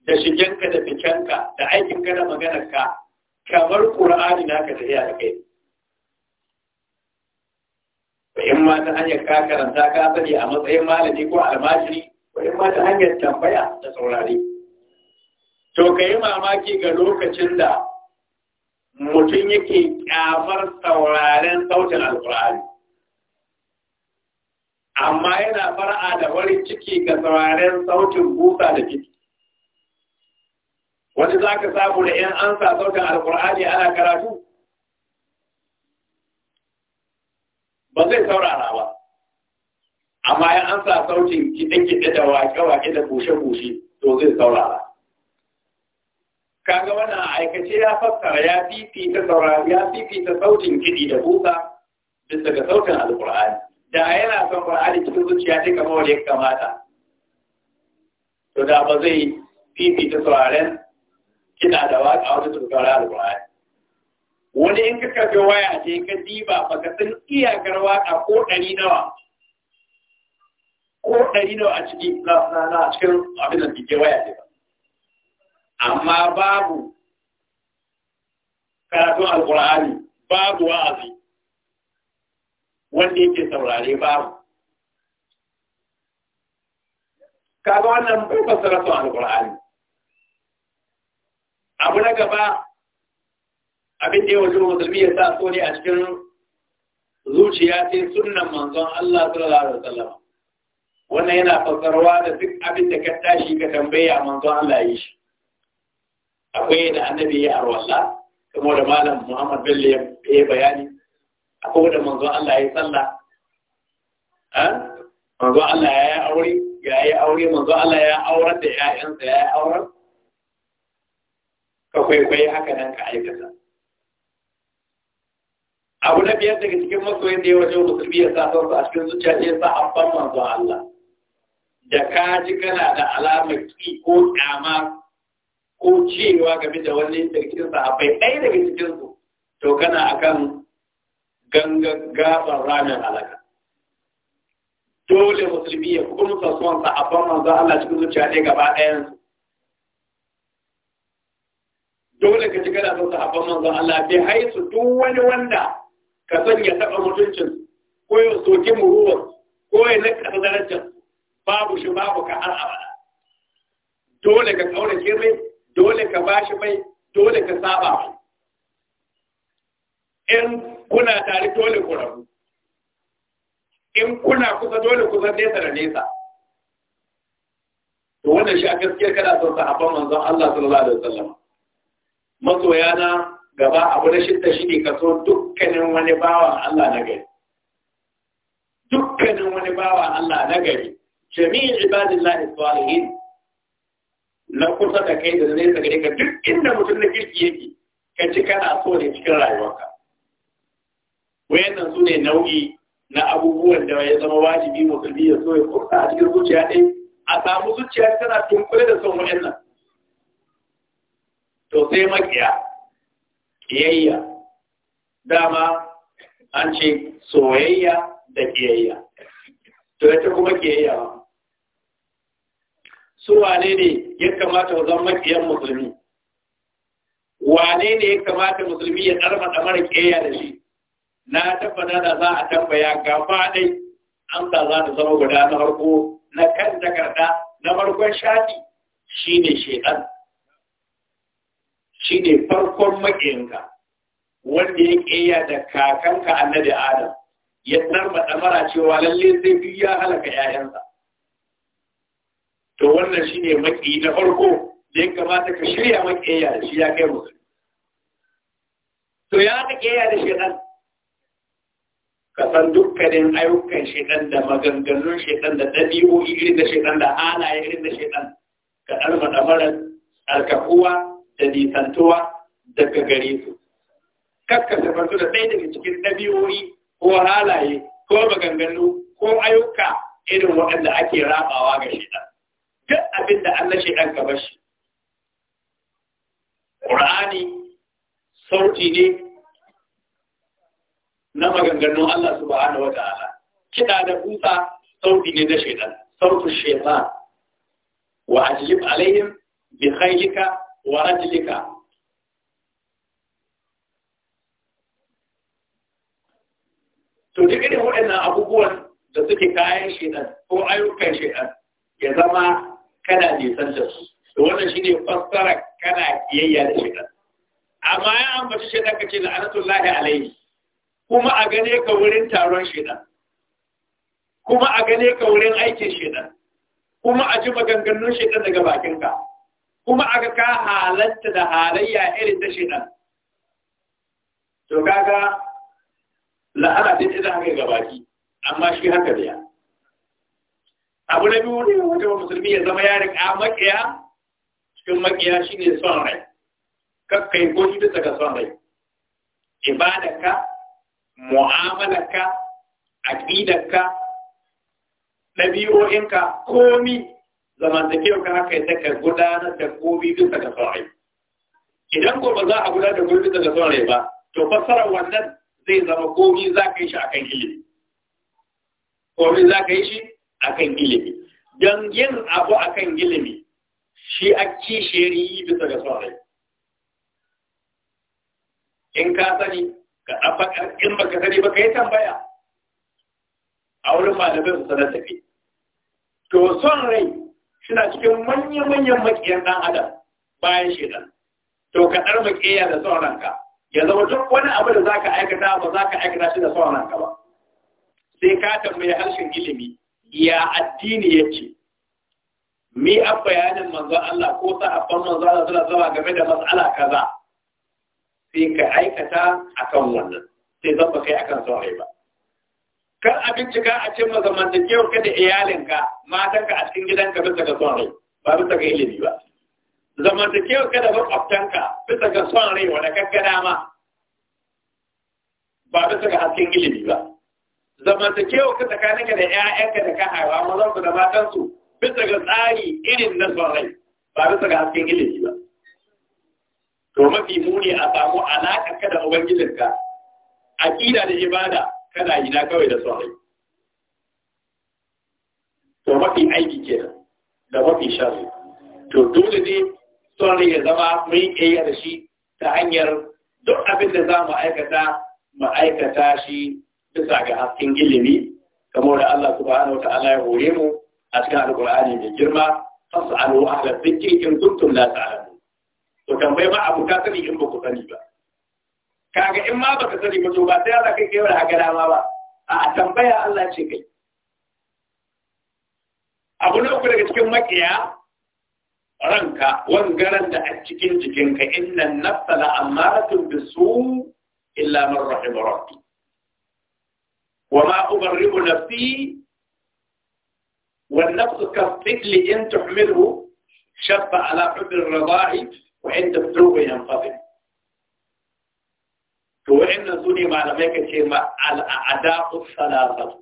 da shigenka da fikenka da aikinka da maganarka kamar ƙur'ani naka tafiya da kai in ma ta hanyar ka karanta ka sani a matsayin malami ko almajiri wani ma ta hanyar tambaya da saurari to ka yi mamaki ga lokacin da mutum yake ƙyamar sauraren sautin alkur'ani amma yana fara da wani ciki ga sauraren sautin busa da ciki wani za ka samu da ‘yan an sa sautin alkur'ani ana karatu ba zai saurara ba amma yan an sa sautin kiɗe-kiɗe da waƙe-waƙe da bushe-bushe to zai saurara kaga wannan aikace ya fassara ya fifita saurari ya fifita sautin kiɗi da busa bisa ga sautin alƙur'ani da yana son ƙur'ani cikin zuciya ta kama wanda ya kamata to da ba zai fifita sauraren kiɗa da waƙa wani su saurara alƙur'ani wani in ka kafe waya ce ka diba baka san iyakar waƙa ko ɗari nawa ko ɗari nawa a ciki na cikin abin da ke waya ce ba amma babu karatun al'ƙur'ani, babu wa'azi wanda yake saurare babu kaga wannan bai fassara sun al'ƙur'ani. abu na gaba abin da yawancin musulmi ya sa so ne a cikin zuciya sai sunnan manzon Allah sallallahu alaihi wasallam wannan yana fassarwa da duk abin da ka tashi ka tambaya manzo Allah yi shi akwai da annabi ya arwalla kuma da malam Muhammad Bello ya yi bayani akwai da manzo Allah ya sallah manzo Allah ya yi aure ya yi aure manzo Allah ya aurar da ƴaƴansa ya yi aurar ka kwaikwayi haka nan ka aikata abu na biyar daga cikin masoyin da ya wajen musulmi ya sa a cikin zuciya ne sa abban manzo Allah da ka ji kana da alamar ki ko ƙyama ko cewa game da wani sarkin sahabbai ɗaya daga cikinsu to kana akan gangan gaban ranar halaka dole musulmi ya kunsa son sahabban manzo Allah cikin zuciya ɗaya gaba ɗayan su dole ka ji kana son sahabban manzo Allah bai haisu duk wani wanda ka sanya taɓa mutuncin ko ya soke muruwar ko ya nakasa darajar babu shi babu ka har abada dole ka kaurace mai dole ka bashi mai dole ka saba mai in kuna tare dole ku rabu in kuna kusa dole ku nesa da nesa to wannan shi a gaskiya kana son sahabban manzon Allah sallallahu alaihi wasallam masoya na gaba abu na ta shi ne kaso dukkanin wani bawan Allah na gari dukkanin wani bawan Allah na gari jami'in ibadillah salihin na kusa da kai da nesa gare ka duk inda mutum na kirki yake ka ci kana so ne cikin rayuwarka wayannan su ne nau'i na abubuwan da ya zama wajibi musulmi ya so ya kusa a cikin zuciya ɗin a samu zuciya tana tunkule da son wayannan to sai makiya kiyayya dama an ce soyayya da kiyayya to ita kuma kiyayya ba su wane ne ya kamata wa zama musulmi wane ne ya kamata musulmi ya tsarfata mara keya da shi na tabbata da za a tambaya gaba ɗai an za ta zama guda na farko na kan takarda na farkon shafi shi ne shekar shi ne farkon makiyanka wanda ya keya da kakanka annabi adam ya tsarfata mara cewa lalle zai biya halaka 'ya'yansa to wannan shi ne maki na farko da ya kamata ka shirya makiya da shi ya kai mu to ya ka kiyaye da shekan ka san dukkanin ayyukan shekan da maganganun shekan da ɗabi'o'i irin da shekan da halaye irin da shekan ka dan madamara alkakuwa da nisantuwa daga gare su kakka tabbatu da ɗaya daga cikin ɗabi'o'i ko halaye ko maganganu ko ayyuka irin waɗanda ake rabawa ga shekan duk abin da Allah shi ɗan gaba shi. Ƙura'ani, sauti ne na maganganun Allah ba'ana wa ta'ala kiɗa da kusa sauti ne da shaitan sautu shaitan wa ajlib alaihim bi khaylika wa rajlika to da irin waɗannan abubuwan da suke kayan shaitan ko ayyukan shaitan ya zama kana nisan da su da wannan shi ne fassara kana kiyayya da kan amma ya ambaci shaitan ka ce la'anatullahi alaihi kuma a gane ka wurin taron shaitan kuma a gane ka wurin aikin shaitan kuma a ji maganganun shaitan daga bakinka kuma a ga ka halatta da halayya irin ta shaitan to kaga la'ana din ce za ka gabaki amma shi haka biya abu na biyu ne wata musulmi ya zama ya riƙa maƙiya cikin maƙiya shi ne son rai kakkai ko shi bisa ga son rai ibadaka mu'amalaka aƙidaka ɗabi'o'inka komi zamantakewa haka ita ka gudanar da komi bisa ga son rai idan ko ba za a gudanar da komi bisa ga son rai ba to fassara wannan zai zama komi za ka yi shi akan ilimi komi za ka yi shi akan ilimi don yin abu akan ilimi shi a kishiyar bisa ga saurai in ka sani ka afakar in baka sani ba ka yi tambaya a wurin malamin su sanar tafi to son rai suna cikin manya-manyan makiyar ɗan adam bayan shedan to ka ɗar makiyar da son ranka ya zama duk wani abu da za ka aikata ba za ka aikata shi da son ranka ba sai ka tambayi harshen ilimi ya addini yake mi a bayanin manzon Allah ko sahabban manzon Allah suna zama game da matsala kaza sai ka aikata akan wannan sai zan ba kai akan saurayi ba Kan a bincika a cin mazamantakewar ka da iyalinka matanka a cikin gidanka bisa ga sauri ba bisa ga ilimi ba zamantakewar ka da makwabtanka bisa ga son rai wanda kaga ma? ba bisa ga hasken ilimi ba zamantakewa ka tsakaninka da 'ya'yanka da ka haifa mazan su da matansu bisa ga tsari irin na son rai ba bisa ga hasken ilimi ba to mafi muni a samu alaƙa ka da ubangijinka aƙida da ibada kana yi na kawai da son rai to mafi aiki kenan da mafi sharri to dole ne son rai ya zama mun iya da shi ta hanyar duk abin da za mu aikata mu aikata shi bisa ga hasken ilimi kamar da Allah subhanahu ta'ala ya hore mu a cikin alqur'ani mai girma fas'alu ahla dhikri in kuntum la ta'lamun to tambayi ma abu ka sani in ba ku sani ba kaga in ma baka sani ba to ba sai Allah kai kai wala haka dama ba a tambaya Allah ce kai abu na uku daga cikin makiya ranka wangaren da a cikin jikinka innan nafsa la amaratun bisu illa man rahim rabbi وما أبرئ نفسي والنفس كالطفل إن تحمله شب على حبل الرضاع وعند الذنوب ينقضي وإن الدنيا ما لم يكن أعداء الثلاثة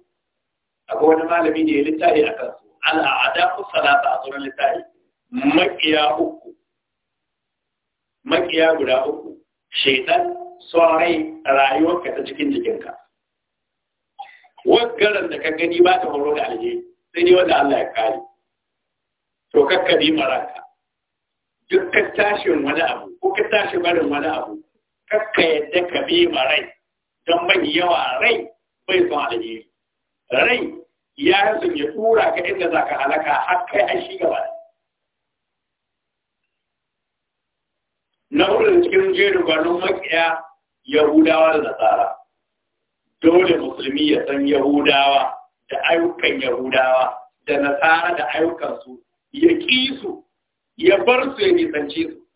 أقول ما لم يجي لتاهي أكثر أعداء الثلاثة أقول لتاهي مكيا أكو مكيا أكو شيطان سواري رايو كتجكين جنكا waggaran da ka gani ba ta horo da alheri sai ne wanda Allah ya kare to kakka bi maraka duk ka tashin wani abu ko ka tashi barin wani abu kakka yadda ka bi ma rai don ban yawa rai bai son alheri rai ya sun ya tura ka inda za ka halaka har kai a shi gaba na wurin cikin jerin gwanon makiya yahudawa da nasara dole musulmi ya san yahudawa da ayyukan yahudawa da nasara da ayyukansu ya ƙi su ya bar su ya nisanci su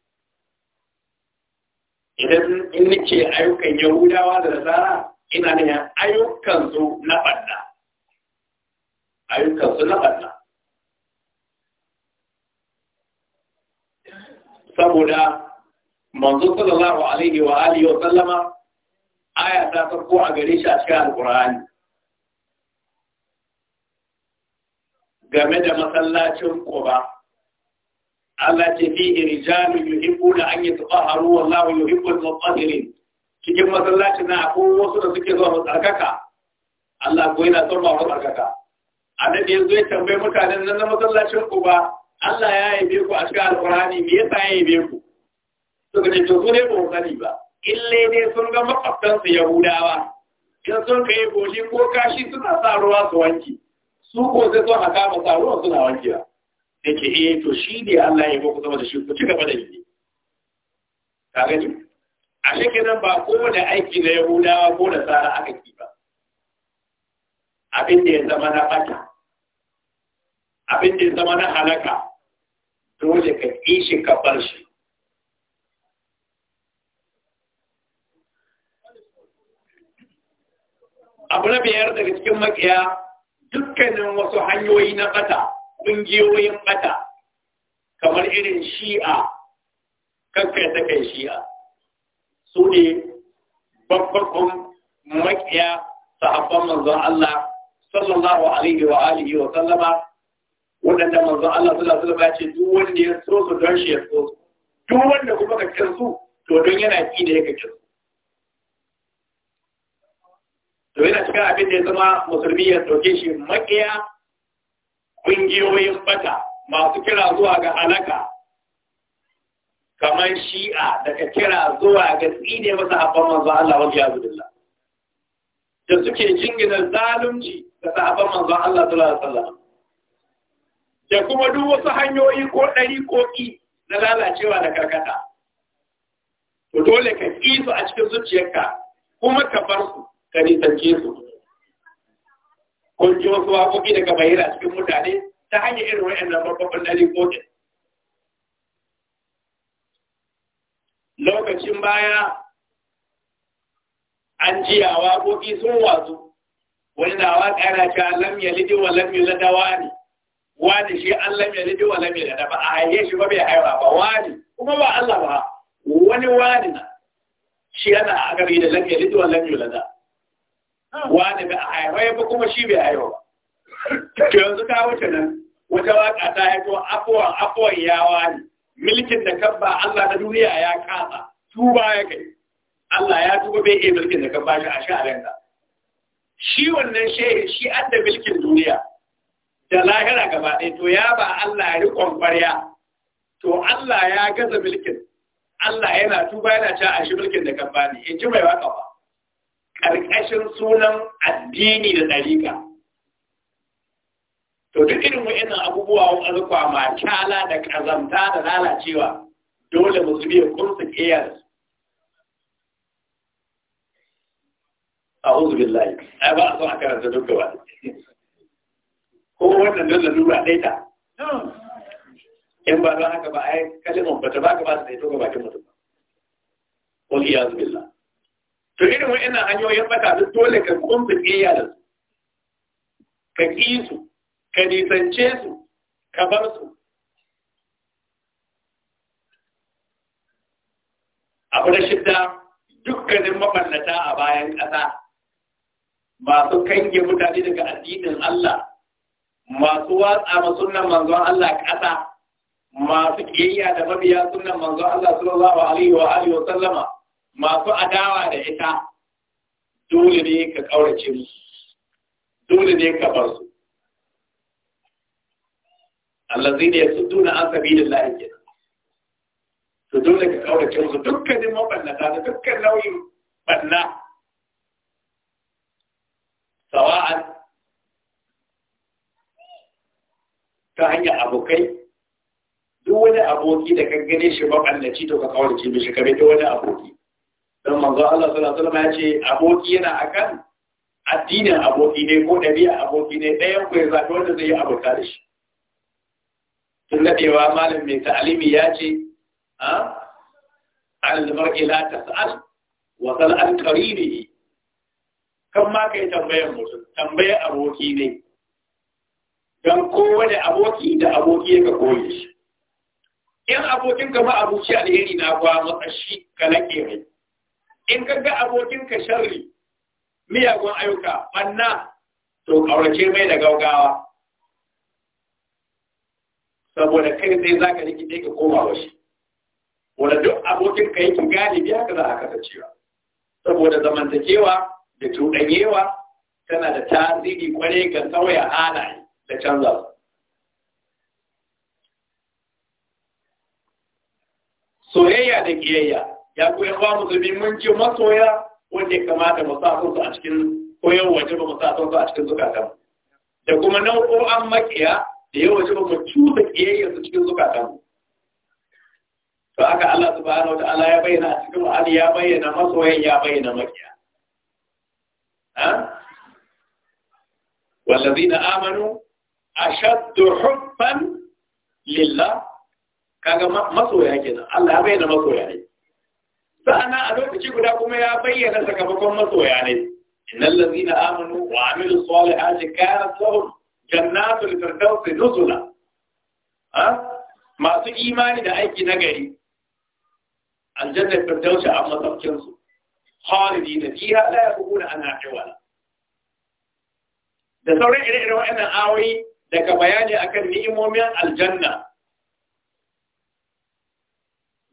idan in nake ayyukan yahudawa da nasara ina ne ayyukansu na ɓanna ayyukansu na ɓanna saboda manzo sallallahu alaihi wa alihi wa sallama aya ta farko a gare shi a cikin alkur'ani game da masallacin ƙoba. Allah ce fi rijalu yuhibbuna an yatahharu wallahu yuhibbul mutahhirin cikin masallacin na akwai wasu da suke zuwa tsarkaka Allah ko yana son masu tsarkaka annabi yanzu ya tambayi mutanen nan na masallacin ƙoba Allah ya yi ku a cikin alkur'ani me yasa ya yi ku suka ce to ne ba ku ba ille ne sun ga su Yahudawa, in sun ka yi goshi ko kashi suna sa ruwa su wanki, su ko sai sun haka ba sa ruwa suna wankewa. Da ke eh to shi ne Allah ya boku sama da shi ku ci gaba da yi. Ka gani? A shekinan ba kowane aiki na Yahudawa ko da tsara aka ki ba. Abin da ya zama na ɓata, abin da ya zama na halaka, dole ka ishe ka bar shi. abu na biyar daga cikin makiya dukkanin wasu hanyoyi na bata ƙungiyoyin bata kamar irin shi'a kakkai ta kai shi'a su ne babbarkun makiya sahabban manzon Allah sallallahu alaihi wa alihi wa sallama waɗanda manzon Allah sallallahu alaihi wa ce duk wanda ya so su don shi ya so su duk wanda kuma ka kin to don yana ki da yake kin su to yana cikin abin da ya zama musulmi ya ɗauke shi maƙiya ƙungiyoyin bata masu kira zuwa ga alaka kamar shi'a daga kira zuwa ga tsine masa haɓar manzo Allah wa biya zubilla da suke jingina zalunci da sahabban manzo Allah sallallahu alaihi wasallam da kuma duk wasu hanyoyi ko ɗari ko ƙi na lalacewa da karkata to dole ka ƙi su a cikin zuciyarka kuma ka bar su ka nisance su kun ji wasu waƙoƙi daga bayyana cikin mutane ta hanyar irin wa'annan babban ɗari ko lokacin baya an a waƙoƙi sun watsu wani na waƙa ce an lam lidi wa lam yulada wani wani shi an lam lidi wa lam lada ba a haife shi ba bai haiwa ba wani kuma ba Allah ba wani wani na shi yana a gari da lam lidi wa lam lada. wani ba a ya ba kuma shi bai haifa ba Ke yanzu ta wuce nan wata waka ta haifo afuwan afuwan yawa ne milkin da kan ba Allah da duniya ya kasa tuba ya kai Allah ya tuba bai iya milkin da kan ba shi a sha'arin ka shi wannan shehi shi an da milkin duniya da lahira gaba ɗaya to ya ba Allah ya riƙon ƙwarya to Allah ya gaza milkin Allah yana tuba yana ca a shi milkin da kan bani in ji mai waka ba ƙarƙashin sunan addini da ɗariƙa. To duk irin wa'annan abubuwa wa ƙarƙwa ma kyala da ƙazamta da lalacewa dole musulmi ya kursu ƙiyar. bin layi, ai ba a son a karanta duk gaba. Ko wannan dole lura ɗaya ta. In ba don haka ba ai kalimun ba ta ba ka ba su ɗaya to ga bakin mutum ba. Wani iyazu billah. to irin wa'annan hanyoyin bata duk dole ka kumfi tsiya da su ka ƙi su ka nisance su ka bar su abu na shidda dukkanin mabannata a bayan ƙasa masu kange mutane daga addinin Allah masu watsa ma sunan manzon Allah ƙasa masu ƙiyayya da mabiya sunan manzon Allah sallallahu alaihi wa alihi wa sallama masu adawa da ita dole ne ka ƙaurace musu dole ne ka bar su allazi ne su tuna an sabi da lahi ke to dole ka ƙaurace musu dukkanin mabannata da dukkan nauyin banna sawa'an ta hanyar abokai duk wani aboki da kan gane shi mabannaci to ka kawarce mishi ka ta wani aboki don manzo Allah sallallahu alaihi wasallam ya ce aboki yana akan addinin aboki ne ko ɗabi'a aboki ne ɗayan ku ya zaɓi wanda zai yi abota da shi tun daɗewa malam mai ta'alimi ya ce a ah, almar ila ta sa'al wa sal'al ne. kan ma kai tambayar mutum tambayar aboki ne don kowane aboki da aboki ya ka koyi shi in abokin ka ma abuci alheri na kwa matsashi ka laƙe mai in ka ga abokinka sharri miyagun ayyuka banna to kaurace mai da gaugawa saboda kai sai za ka rikide ka koma wa shi wanda duk abokinka yake galibi haka za a kasancewa saboda zamantakewa da cuɗanyewa tana da tasiri kwarai ga sauya halaye da canza soyayya da kiyayya ya ku yawa musulmi mun ce masoya wanda ya kamata mu sa su a cikin koyon waje ba mu sa su a cikin zukatan da kuma nau'o'an makiya da yawa waje ba mu cuta kiyayya su cikin zukatan to aka Allah subhanahu wa ta'ala ya bayyana a cikin Qur'ani ya bayyana masoyan ya bayyana makiya ha والذين آمنوا أشد حبا lillah kaga masoya kenan Allah ya bayyana masoya ne sa'ana a lokaci guda kuma ya bayyana sakamakon masoya ne innal ladina amanu wa amilu salihati kanat lahum jannatul firdausi nuzula masu imani da aiki na gari aljannar firdausi a masaukin su khalidi da fiha la yakuna ana hawala da sauran ire-iren waɗannan awoyi daga bayani akan ni'imomin aljanna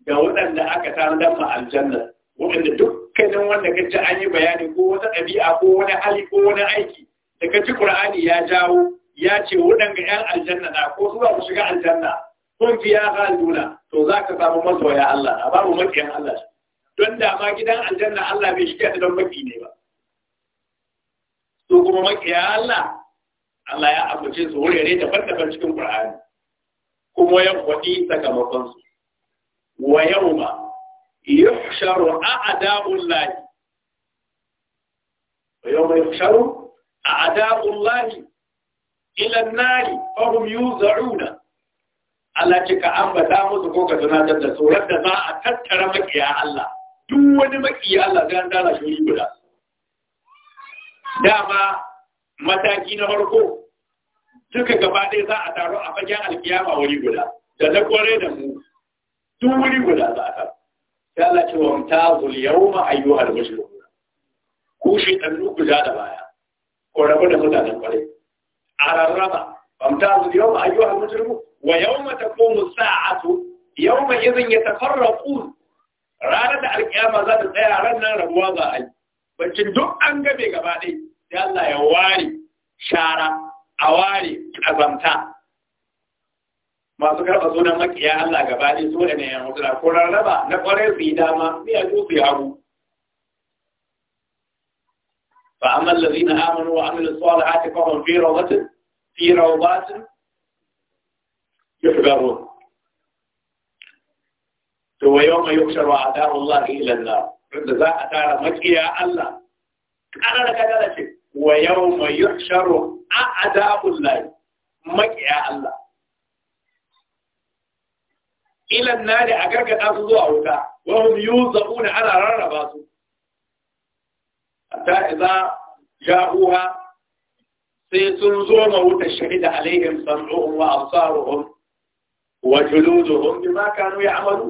ga waɗanda aka dan ma aljanna waɗanda dukkanin wanda ka ji an yi bayani ko wata ɗabi'a ko wani hali ko wani aiki da ka ji Qur'ani ya jawo ya ce waɗanda ƴan aljanna na ko zuwa ku shiga aljanna kun fi ya haluna to za ka samu masoya Allah a babu makiyan Allah don da ma gidan aljanna Allah bai shiga don maki ne ba su kuma makiya Allah Allah ya amince su wurare daban-daban cikin Qur'ani kuma ya faɗi sakamakonsu wa yawma yuhsharu a'da'ullahi wa yawma yuhsharu ila an-nar fa Allah ce ka ambata musu ko tunatar da su, wadda za a tattara makiya Allah duk wani makiya Allah zai an dala shi guda dama mataki na farko duka gaba ɗaya za a taro a fagen alkiyama wuri guda da na kware da mu duk guda za a kama sai Allah ce wa mutazul yawma ayyuhal mushrikun ku shi dan guda da baya ko rabu da mutanen kwarai a rarraba yau yau ma Wa فامتازوا اليوم أيها Yau ويوم تقوم ya يومئذ يتفرقون ranar alkiyama za ta tsaya ranar rabuwa za a yi bacin duk an gabe gaba ɗaya sai Allah ya ware shara a ware ƙazamta masu karɓa sunan makiya Allah gaba ne so da ne ya mutu ko rarraba na kwarai su yi dama sai a su yi hagu fa amma allazina amanu wa amilu salihati fa hum fi rawdatin fi rawdatin yuhbarun to wa yawma yuhsharu a'da'u Allah ila an-nar inda za a tara makiya Allah kana da kada ce wa yawma yuhsharu a'da'u Allah makiya Allah ilan nadi a gargada su zuwa wuta wa hum yuzabuna ana rarraba su hatta idza ja'uha sai sun zo ma wuta shahida alaihim sam'uhum wa absaruhum wa juluduhum bima kanu ya'malu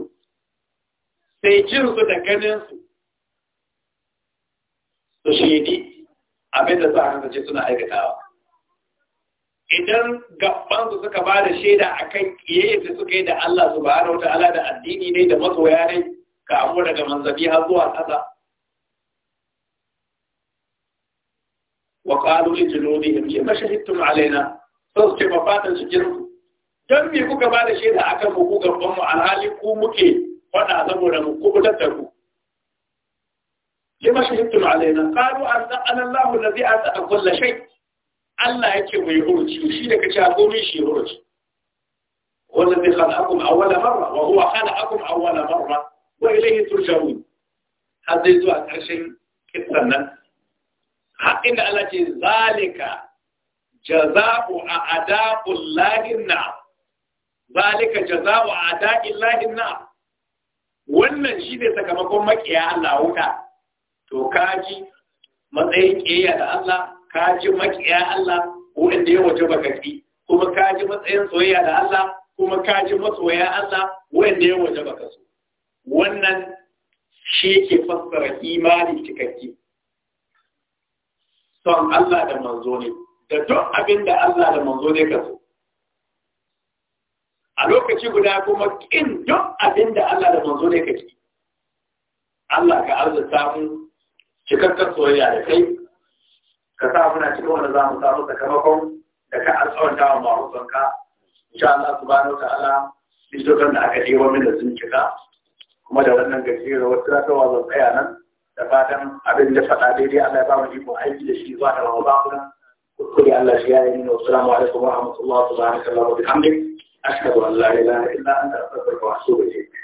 sai jin su da ganin su su shidi abinda za a ce suna aikatawa idan gaban su suka ba da shaida kan kiyaye da suka yi da Allah su ba da addini ne da masoya ne ka amu daga manzabi har zuwa ƙasa wa qalu ya junubihim lima shahidtum alaina sau ce mafatan cikin don me kuka ba da shaida a kan ku gaban mu alhali ku muke faɗa saboda mu fitar da ku lima shahidtum alaina ƙalu an na zai allazi ata kulla shai. Allah yake mai hurci shi da kace akomi shi hurci wanda zai khalaqakum awwala marra wa huwa khalaqakum awwala marra wa ilayhi turja'un hadai zuwa karshen kissan nan har inda Allah ce zalika jazaa'u a'da'u llahin na zalika jazaa'u a'da'i llahin na wannan shi ne sakamakon makiya Allah wuta to kaji matsayin kiyaya da Allah ka ji makiya Allah wanda ya waje bakaki kuma ka ji matsayin soyayya da Allah kuma ka ji masoya Allah wanda ya waje baka so wannan shi ke fassara imani cikakke son Allah da manzo ne da duk abin da Allah da manzo ne ka so a lokaci guda kuma kin duk abin da Allah da manzo ne ka ki Allah ka arzuta mu cikakken soyayya da kai ka sa muna cikin wanda za mu samu sakamakon da ka alƙawanta wa mahukunka insha Allah subhanahu ta'ala littafin da aka ɗewa min da sun cika kuma da wannan gajiyar da wasu rakawa zan tsaya nan da fatan abin da faɗa daidai Allah ya ba mu iko aiki da shi zuwa da wa ba kuna kuskure Allah shi ya yi mini wasu ramu alaikum wa rahmatullahi wa barakatuhu wa bihamdik ashhadu an la ilaha illa anta astaghfiruka wa atubu ilayk